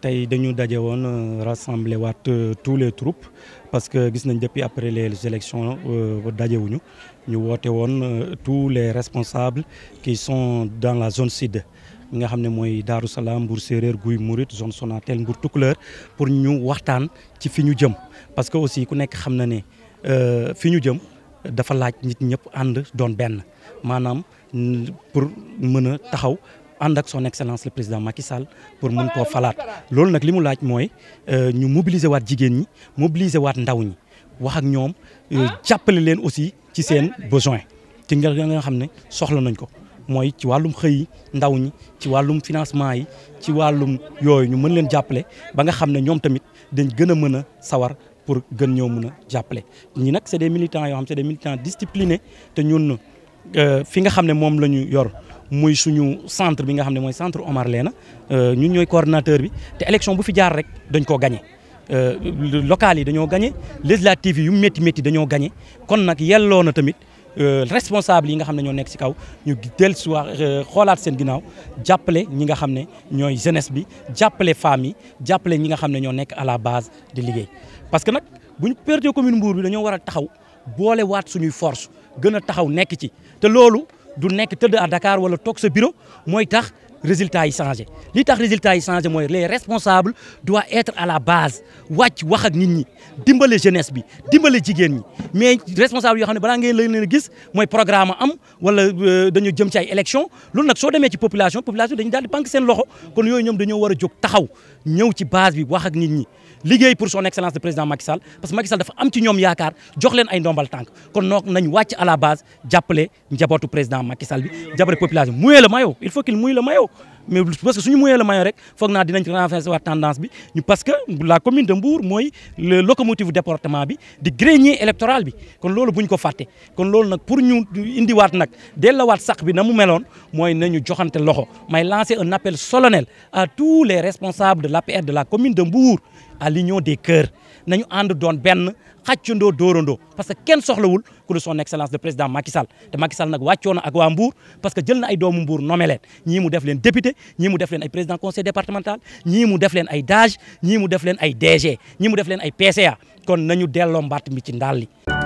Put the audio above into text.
tey dañu daje woon euh, rassemblé waat euh, tous les troupes parce que gis nañ depuis après les élections euh, dajewuñu ñu woote woon tous les responsables qui sont dans la zone sud nga xamné moy daru salam bour Mbour Guy Murit zone Sonatel Mbour Tukulër pour ñu waxtaan ci fiñu jëm parce que aussi ku nek xamna né euh fiñu jëm dafa laaj nit ñëpp and doon ben manam pour mën taxaw andak son excellence le président Macky Sall pour mun ko Falat, loolu nous li laaj moy euh, ñu mobiliser wat jigen ñi mobiliser wat ndaw ñi wax euh, ah. aussi ci seen besoin ci nga nga soxla nañ ko moy ci ndaw ñi ci walum financement yi ci walum yoy ñu mën leen jappalé ba nga tamit dañ pour gën ñoo mëna jappalé ñi c'est des militants xam des militants disciplinés te ñun euh, fi nga xamné moy suñu centre bi nga xamné moy centre Omar euh ñun ñoy coordinateur bi té élection bu fi jaar rek dañ koo gagné. Euh, local yi dañoo gagné législatives yi yu metti metti dañoo gagné kon nak yelloo na tamit euh, responsable yi nga xamné ne ñoo nekk ci kaw ñu del suwa euh, xolaat seen ginaaw jàppale ñi nga xamné ñoy jeunesse bi jàppale femmes yi ñi nga xamné ñoo à la base di liguey parce que nak bu perdre commune Mbour bi dañoo wara a taxaw boole waat suñu force gëna taxaw nek ci té lolu du nekk tëdd à Dakar wala toog sa bureau mooy tax résultat yi changé li tax résultat yi changé les responsables doivent être à la base wacc wax ak nit ñi dimbalé jeunesse bi dimbalé jigen ñi mais responsable yo xam ne balaa ngeen leen gis programme am wala euh, dañu jëm ci ay élection lool nak so démé ci population population dañu dal di banque seen loxo kon yoy ñom dañu wara a taxaw ñew ci base bi wax ak nit ñi liggéey pour son excellence de président Macky Sall parce que Macky Sall dafa am ci ñom yaakar jox leen ay ndombal tank kon nok nañ wacc à la base jappelé njabootu président Macky Sall bi jàppale population muyee le mayo il faut qu'il mouille le mayo mais parce que suñu la maillot il faut nous renverser la tendance parce que la commune de Mbour le locomotive département bi grenier électoral bi kon loolu buñ ko Donc, pour nous, sax bi lancer un appel solennel à tous les responsables de l'APR de la commune de à l'union des cœurs nañu ànd doon benn xàccandoo doorondo parce que kenn soxlawul ku dul son excellence le président Macky Sall te Macky Sall nag wàccoo na ak waa Mbour parce que jël na ay doomu Mbour nommé leen ñii mu def leen député ñii mu def leen ay président conseil départemental ñii mu def leen ay DAGE ñii mu def leen ay DG ñii mu def leen ay PCA kon nañu delloo mbaat mi ci ndaal li